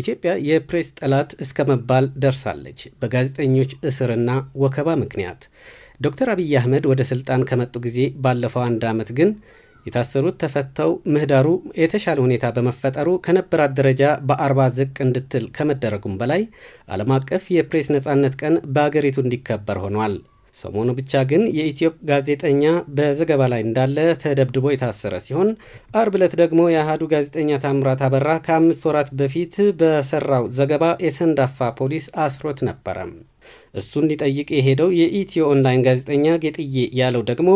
ኢትዮጵያ የፕሬስ ጠላት እስከ መባል ደርሳለች በጋዜጠኞች እስርና ወከባ ምክንያት። ዶክተር አብይ አህመድ ወደ ስልጣን ከመጡ ጊዜ ባለፈው አንድ ዓመት ግን የታሰሩት ተፈተው ምህዳሩ የተሻለ ሁኔታ በመፈጠሩ ከነበራት ደረጃ በአርባ ዝቅ እንድትል ከመደረጉም በላይ ዓለም አቀፍ የፕሬስ ነፃነት ቀን በአገሪቱ እንዲከበር ሆኗል። ሰሞኑ ብቻ ግን የኢትዮጵ ጋዜጠኛ በዘገባ ላይ እንዳለ ተደብድቦ የታሰረ ሲሆን አርብ ዕለት ደግሞ የአህዱ ጋዜጠኛ ታምራት አበራ ከአምስት ወራት በፊት በሰራው ዘገባ የሰንዳፋ ፖሊስ አስሮት ነበረ። እሱን ሊጠይቅ የሄደው የኢትዮ ኦንላይን ጋዜጠኛ ጌጥዬ ያለው ደግሞ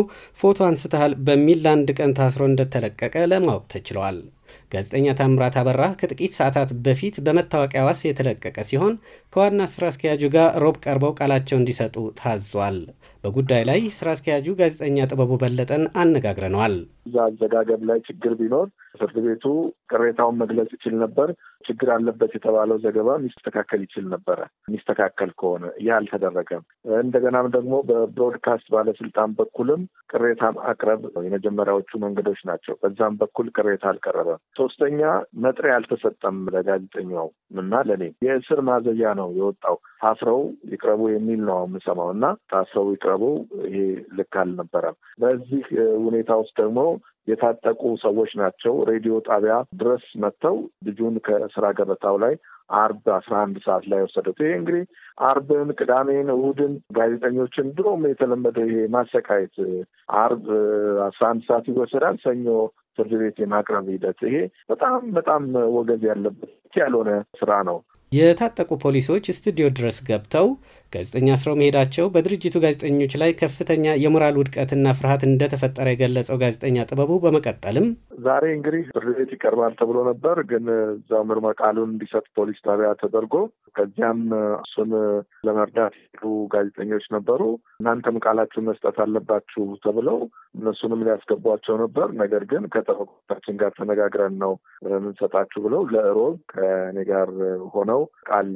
ፎቶ አንስተሃል በሚል ለአንድ ቀን ታስሮ እንደተለቀቀ ለማወቅ ተችሏል። ጋዜጠኛ ታምራት አበራ ከጥቂት ሰዓታት በፊት በመታወቂያ ዋስ የተለቀቀ ሲሆን ከዋና ስራ አስኪያጁ ጋር ሮብ ቀርበው ቃላቸው እንዲሰጡ ታዟል። በጉዳይ ላይ ስራ አስኪያጁ ጋዜጠኛ ጥበቡ በለጠን አነጋግረነዋል። እዛ አዘጋገብ ላይ ችግር ቢኖር ፍርድ ቤቱ ቅሬታውን መግለጽ ይችል ነበር። ችግር አለበት የተባለው ዘገባ ሚስተካከል ይችል ነበረ፣ የሚስተካከል ከሆነ ይህ አልተደረገም። እንደገናም ደግሞ በብሮድካስት ባለስልጣን በኩልም ቅሬታ ማቅረብ የመጀመሪያዎቹ መንገዶች ናቸው። በዛም በኩል ቅሬታ አልቀረበም። ሶስተኛ መጥሪያ አልተሰጠም ለጋዜጠኛው እና ለእኔ የእስር ማዘዣ ነው የወጣው። ታስረው ይቅረቡ የሚል ነው የምሰማው እና ታስረው ይቅረቡ፣ ይሄ ልክ አልነበረም። በዚህ ሁኔታ ውስጥ ደግሞ የታጠቁ ሰዎች ናቸው። ሬዲዮ ጣቢያ ድረስ መጥተው ልጁን ከስራ ገበታው ላይ አርብ አስራ አንድ ሰዓት ላይ ወሰደት። ይሄ እንግዲህ አርብን፣ ቅዳሜን፣ እሁድን ጋዜጠኞችን ድሮም የተለመደ ይሄ ማሰቃየት አርብ አስራ አንድ ሰዓት ይወሰዳል፣ ሰኞ ፍርድ ቤት የማቅረብ ሂደት ይሄ በጣም በጣም ወገዝ ያለበት ያልሆነ ስራ ነው። የታጠቁ ፖሊሶች ስቱዲዮ ድረስ ገብተው ጋዜጠኛ አስረው መሄዳቸው በድርጅቱ ጋዜጠኞች ላይ ከፍተኛ የሞራል ውድቀትና ፍርሃት እንደተፈጠረ የገለጸው ጋዜጠኛ ጥበቡ በመቀጠልም ዛሬ እንግዲህ ፍርድ ቤት ይቀርባል ተብሎ ነበር። ግን እዛው ምርመ ቃሉን እንዲሰጥ ፖሊስ ጣቢያ ተደርጎ ከዚያም እሱን ለመርዳት ሄዱ ጋዜጠኞች ነበሩ። እናንተም ቃላችሁን መስጠት አለባችሁ ተብለው እነሱንም ሊያስገቧቸው ነበር። ነገር ግን ከጠበቆቻችን ጋር ተነጋግረን ነው የምንሰጣችሁ ብለው ለእሮብ ከእኔ ጋር ሆነው ቃል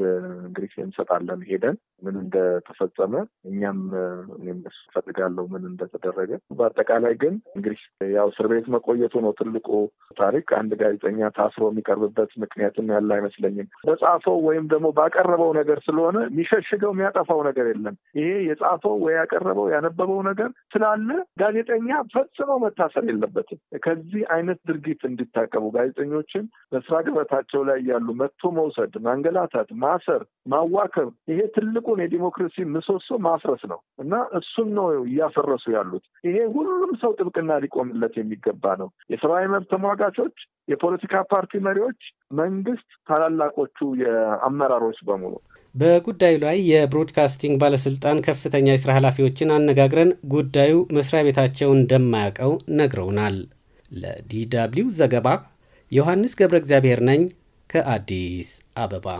እንግዲህ እንሰጣለን ሄደን ምንም እንደተፈጸመ እኛም እነሱ ፈልጋለሁ ምን እንደተደረገ። በአጠቃላይ ግን እንግዲህ ያው እስር ቤት መቆየቱ ነው ትልቁ ታሪክ። አንድ ጋዜጠኛ ታስሮ የሚቀርብበት ምክንያትም ያለ አይመስለኝም። በጻፈው ወይም ደግሞ ባቀረበው ነገር ስለሆነ የሚሸሽገው የሚያጠፋው ነገር የለም። ይሄ የጻፈው ወይ ያቀረበው ያነበበው ነገር ስላለ ጋዜጠኛ ፈጽሞ መታሰር የለበትም። ከዚህ አይነት ድርጊት እንዲታቀቡ ጋዜጠኞችን በስራ ገበታቸው ላይ ያሉ መጥቶ መውሰድ፣ ማንገላታት፣ ማሰር፣ ማዋከብ ይሄ ትልቁን የዲሞክራሲ ምሰሶ ማፍረስ ነው እና እሱን ነው እያፈረሱ ያሉት። ይሄ ሁሉም ሰው ጥብቅና ሊቆምለት የሚገባ ነው። የሰብአዊ መብት ተሟጋቾች፣ የፖለቲካ ፓርቲ መሪዎች፣ መንግስት፣ ታላላቆቹ የአመራሮች በሙሉ በጉዳዩ ላይ የብሮድካስቲንግ ባለስልጣን ከፍተኛ የስራ ኃላፊዎችን አነጋግረን ጉዳዩ መስሪያ ቤታቸው እንደማያውቀው ነግረውናል። ለዲደብሊው ዘገባ ዮሐንስ ገብረ እግዚአብሔር ነኝ ከአዲስ አበባ